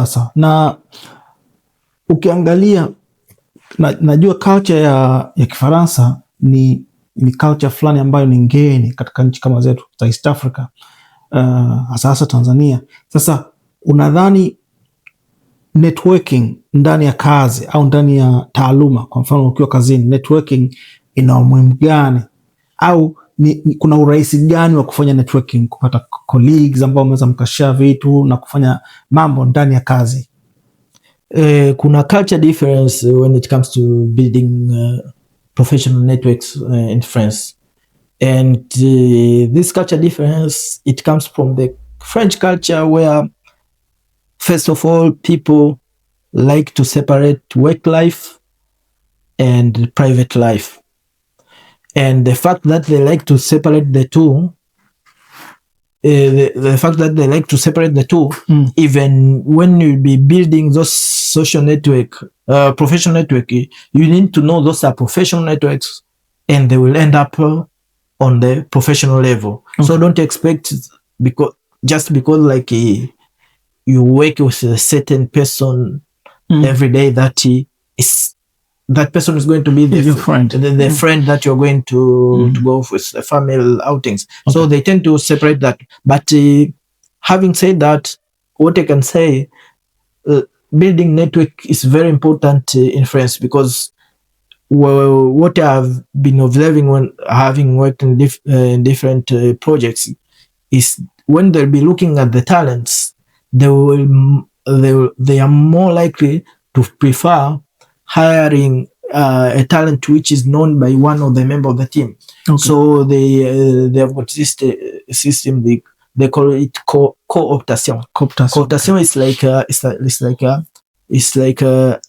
sasa. Na ukiangalia na, najua culture ya, ya Kifaransa ni, ni culture fulani ambayo ni ngeni katika nchi kama zetu za East Africa uh, hasa hasa Tanzania. Sasa unadhani networking ndani ya kazi au ndani ya taaluma, kwa mfano ukiwa kazini, networking ina umuhimu gani? Au ni, ni, kuna urahisi gani wa kufanya networking, kupata colleagues ambao mnaweza mkashare vitu na kufanya mambo ndani ya kazi. Eh, kuna culture difference when it comes to building uh, professional networks uh, in France and uh, this culture difference it comes from the French culture where first of all people like to separate work life and private life and the fact that they like to separate the two uh, the, the fact that they like to separate the two mm. even when you be building those social network uh, professional network eh, you need to know those are professional networks and they will end up uh, on the professional level okay. so don't expect because just because like uh, you work with a certain person mm. every day that uh, is that person is going to be the, your friend, the, the friend that you're going to, mm-hmm. to go with the family outings. Okay. So they tend to separate that. But uh, having said that, what I can say, uh, building network is very important uh, in France because well, what I've been observing when having worked in, dif- uh, in different uh, projects is when they'll be looking at the talents, they will they will, they are more likely to prefer hiring uh, a talent which is known by one of the member of the team. Okay. So they uh, they have got this uh, system they they call it co cooptation. Cooptation. Cooptation is like a, it's like it's like a, it's like a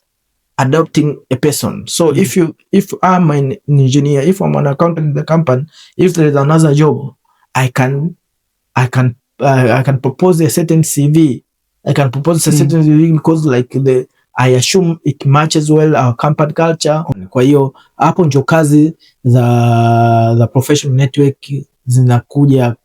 adopting a person. So mm-hmm. if you if I'm an engineer, if I'm an accountant in the company, if there is another job, I can I can uh, I can propose a certain CV. I can propose a certain mm. CV because like the I assume it matches well our company culture. Kwa hiyo hapo ndio kazi za, the professional network zinakuja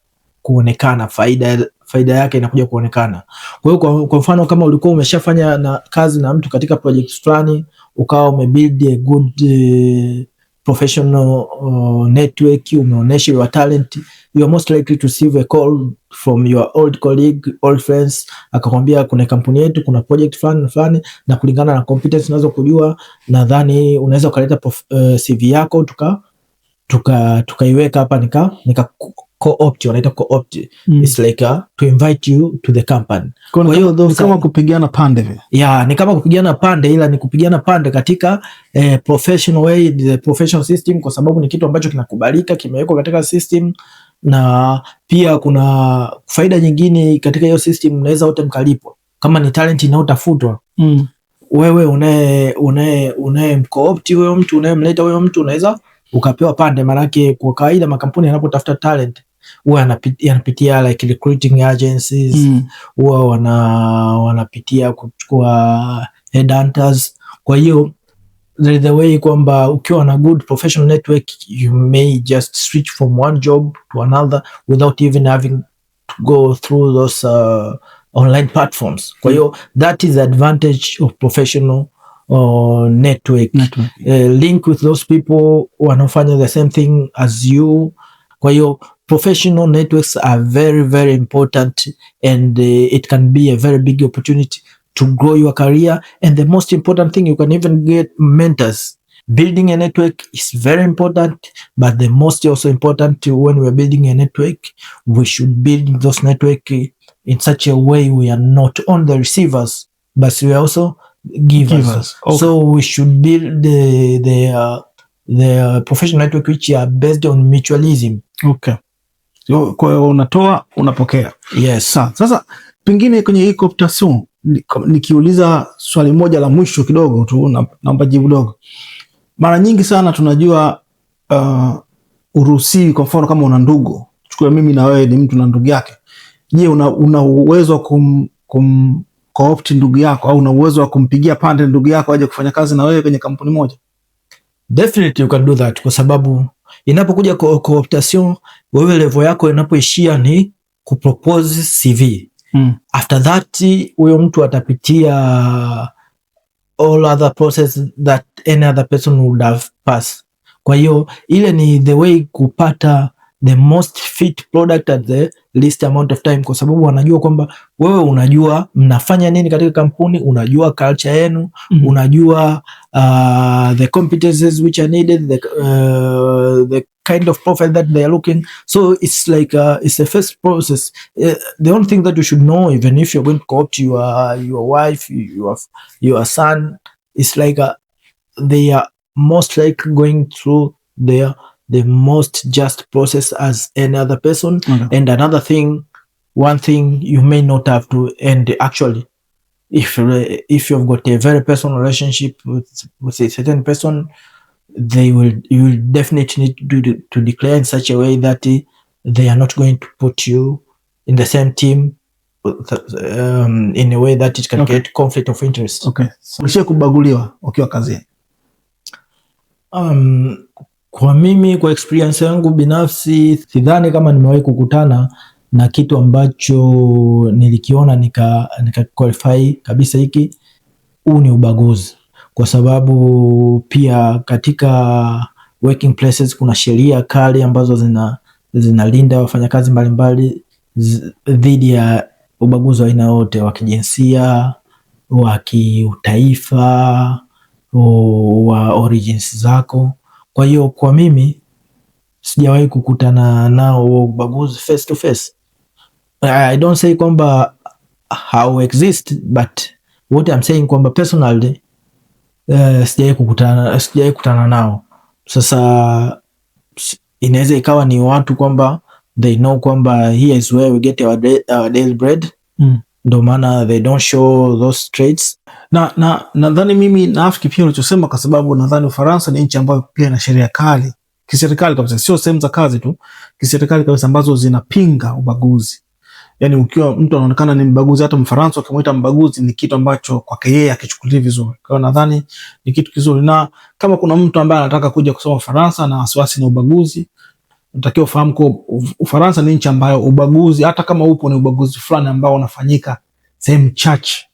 kuonekana, faida faida yake inakuja kuonekana. Kwa hiyo kwa mfano kama ulikuwa umeshafanya na kazi na mtu katika project fulani ukawa umebuild a good eh, professional uh, network, umeonesha your talent, you are most likely to receive a call from your old colleague, old friends, akakwambia kuna kampuni yetu, kuna project fulani na fulani, na kulingana na competence unazo kujua, nadhani unaweza ukaleta uh, eh, CV yako tuka tuka tukaiweka hapa nika nika co-opt, wanaita co-opt. Mm. It's like a, uh, to invite you to the company. Kwa hiyo ni kama kupigana pande vile. Yeah, ni kama kupigana pande ila ni kupigana pande katika eh, professional way, the professional system kwa sababu ni kitu ambacho kinakubalika, kimewekwa katika system na pia kuna faida nyingine katika hiyo system, unaweza wote mkalipwa kama ni talent inayotafutwa mm. Wewe unaye unaye unaye mkoopt huyo mtu unayemleta huyo mtu unaweza ukapewa pande. Maanake kwa kawaida makampuni yanapotafuta talent huwa yanapitia like recruiting agencies mm. huwa mm. wana wanapitia kuchukua headhunters. Kwa hiyo there is way kwamba ukiwa na good professional network you may just switch from one job to another without even having to go through those uh, online platforms. Kwa hiyo that is the advantage of professional uh, network, network. Uh, link with those people wanaofanya the same thing as you. Kwa hiyo professional networks are very very important and uh, it can be a very big opportunity to grow your career and the most important thing you can even get mentors building a network is very important but the most also important when we're building a network we should build those network in such a way we are not on the receivers but we also give us Okay. so we should build the the, uh, the professional network which are based on mutualism okay kwa unatoa unapokea yes sasa pengine kwenye hii cooptation nikiuliza swali moja la mwisho kidogo tu, naomba jibu dogo. Mara nyingi sana tunajua uh, uruhusiwi. Kwa mfano kama una ndugu, chukua mimi na wewe ni mtu na ndugu yake. Je, una, una uwezo wa kum, kum co ndugu yako au una uwezo wa kumpigia pande ndugu yako aje kufanya kazi na wewe kwenye kampuni moja? Definitely you can do that, kwa sababu inapokuja co wewe level yako inapoishia ni kupropose CV mm. After that huyo mtu atapitia all other process that any other person would have passed. Kwa hiyo ile ni the way kupata the most fit product at the least amount of time, kwa sababu wanajua kwamba wewe unajua mnafanya nini katika kampuni, unajua culture yenu mm -hmm. unajua uh, the competences which are needed the, uh, the kind of profile that they are looking so it's like uh, it's a first process uh, the only thing that you should know even if you're going to co-opt your your wife your your son it's like uh, they are most likely going through their the most just process as any other person okay. and another thing one thing you may not have to end actually if if you've got a very personal relationship with with a certain person they will you will definitely need to, do, to declare in such a way that they are not going to put you in the same team um, in a way that it can okay. get conflict of interest. Okay. So, Um, kwa mimi kwa experience yangu binafsi sidhani kama nimewahi kukutana na kitu ambacho nilikiona nika, nika qualify kabisa hiki huu ni ubaguzi, kwa sababu pia katika working places kuna sheria kali ambazo zina zinalinda wafanyakazi mbalimbali dhidi ya ubaguzi wa aina yote, wa kijinsia, wa kiutaifa, wa origins zako. Kwa hiyo kwa mimi sijawahi kukutana nao huo ubaguzi face to face. I don't say kwamba how exist but what I'm saying kwamba personally uh, sijawahi kukutana sijawahi kutana nao. Sasa inaweza ikawa ni watu kwamba they know kwamba here is where we get our, day, our daily bread mm. Ndo maana they don't show those traits. Na na nadhani mimi nafiki pia unachosema, kwa sababu nadhani Ufaransa ni nchi ambayo pia ina sheria kali kiserikali kabisa, sio sehemu za kazi tu, kiserikali kabisa ambazo zinapinga ubaguzi. Yani ukiwa mtu anaonekana ni mbaguzi, hata Mfaransa ukimwita mbaguzi ni kitu ambacho kwake yeye akichukulia vizuri. Kwa hiyo nadhani ni kitu kizuri, na kama kuna mtu ambaye anataka kuja kusoma Ufaransa na wasiwasi na ubaguzi Natakiwa ufahamu kuwa Ufaransa ni nchi ambayo ubaguzi hata kama upo ni ubaguzi fulani ambao unafanyika sehemu chache.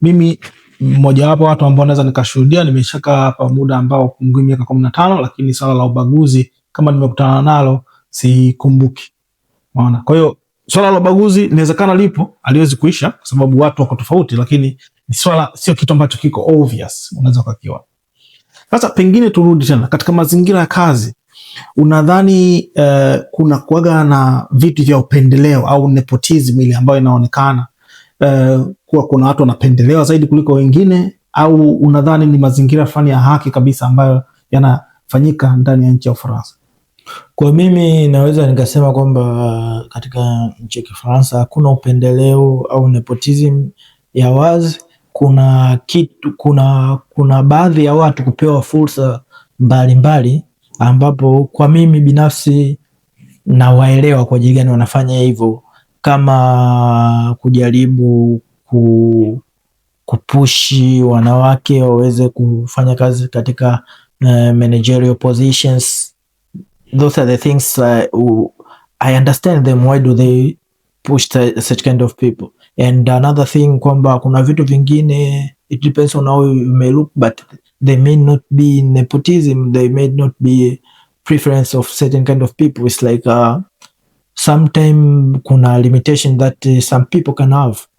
Mimi mmojawapo watu ambao naweza nikashuhudia, nimeshakaa hapa muda ambao pungui miaka kumi na tano, lakini swala la ubaguzi kama nimekutana nalo sikumbuki. Unaona, kwa hiyo swala la ubaguzi inawezekana lipo, aliwezi kuisha kwa sababu watu wako tofauti, lakini ni swala sio kitu ambacho kiko obvious, unaweza ukakiona. Sasa pengine turudi tena katika mazingira ya kazi Unadhani uh, kuna kuaga na vitu vya upendeleo au nepotism ile ambayo inaonekana uh, kuwa kuna watu wanapendelewa zaidi kuliko wengine, au unadhani ni mazingira fulani ya haki kabisa ambayo yanafanyika ndani ya nchi ya Ufaransa? Kwa mimi naweza nikasema kwamba uh, katika nchi ya Kifaransa hakuna upendeleo au nepotism ya wazi. Kuna kitu, kuna kuna baadhi ya watu kupewa fursa mbalimbali ambapo kwa mimi binafsi nawaelewa kwa ajili gani wanafanya hivyo, kama kujaribu ku, kupushi wanawake waweze kufanya kazi katika uh, managerial positions. Those are the things I, uh, I understand them, why do they push the, such kind of people and another thing kwamba kuna vitu vingine it depends on how you may look but They may not be nepotism. They may not be preference of certain kind of people. It's like uh, sometimes kuna limitation that uh, some people can have.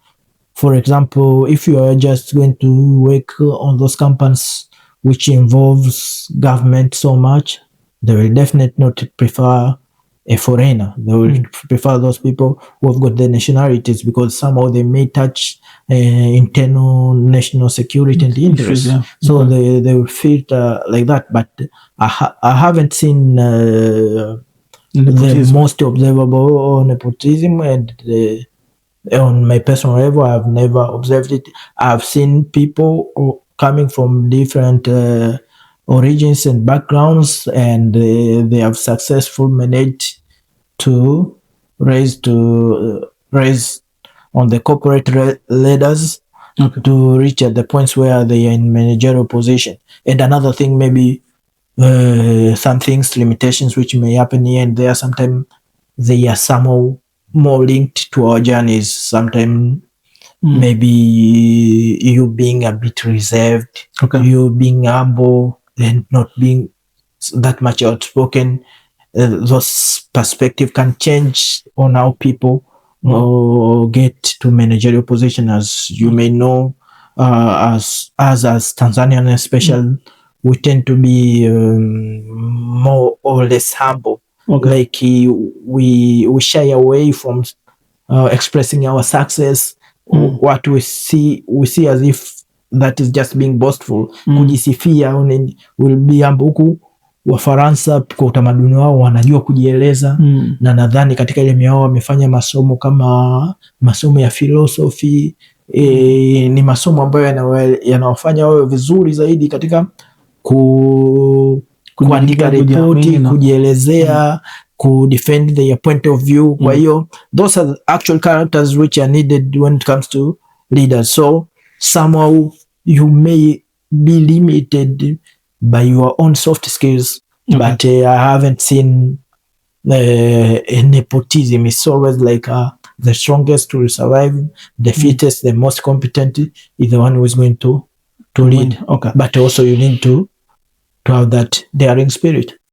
For example, if you are just going to work on those companies which involves government so much, they will definitely not prefer a foreigner. They will mm. prefer those people who have got their nationalities because somehow they may touch uh, internal national security and interests. Yeah. So hmm. they, they will filter like that. But I, ha- I haven't seen uh, the most observable nepotism and the, uh, on my personal level, I've never observed it. I've seen people coming from different uh, origins and backgrounds, and uh, they have successfully managed to raise to uh, raise on the corporate re- leaders okay. to reach at the points where they are in managerial position. And another thing, maybe uh, some things, limitations which may happen here and there. Sometimes they are somehow more linked to our journeys. Sometimes hmm. maybe you being a bit reserved, okay. you being humble, then not being that much outspoken, uh, those perspective can change on how people mm. uh, get to managerial position. As you may know, uh, as as as Tanzanian especially, mm. we tend to be um, more or less humble. Okay. Like we we shy away from uh, expressing our success. Mm. What we see we see as if that is just being boastful mm. kujisifia au nini will be ambuku Huku Wafaransa kwa utamaduni wao wanajua kujieleza mm. na nadhani katika elimu yao wamefanya masomo kama masomo ya philosophy e, ni masomo ambayo yanawafanya wawe vizuri zaidi katika ku, kuandika ripoti, kujielezea mm. ku defend their point of view. Kwa mm. hiyo mm. those are actual characters which are needed when it comes to leaders so somehow you may be limited by your own soft skills okay. Mm-hmm. but uh, I haven't seen uh, nepotism it's always like uh, the strongest will survive the mm-hmm. fittest the most competent is the one who is going to to lead okay. but also you need to to have that daring spirit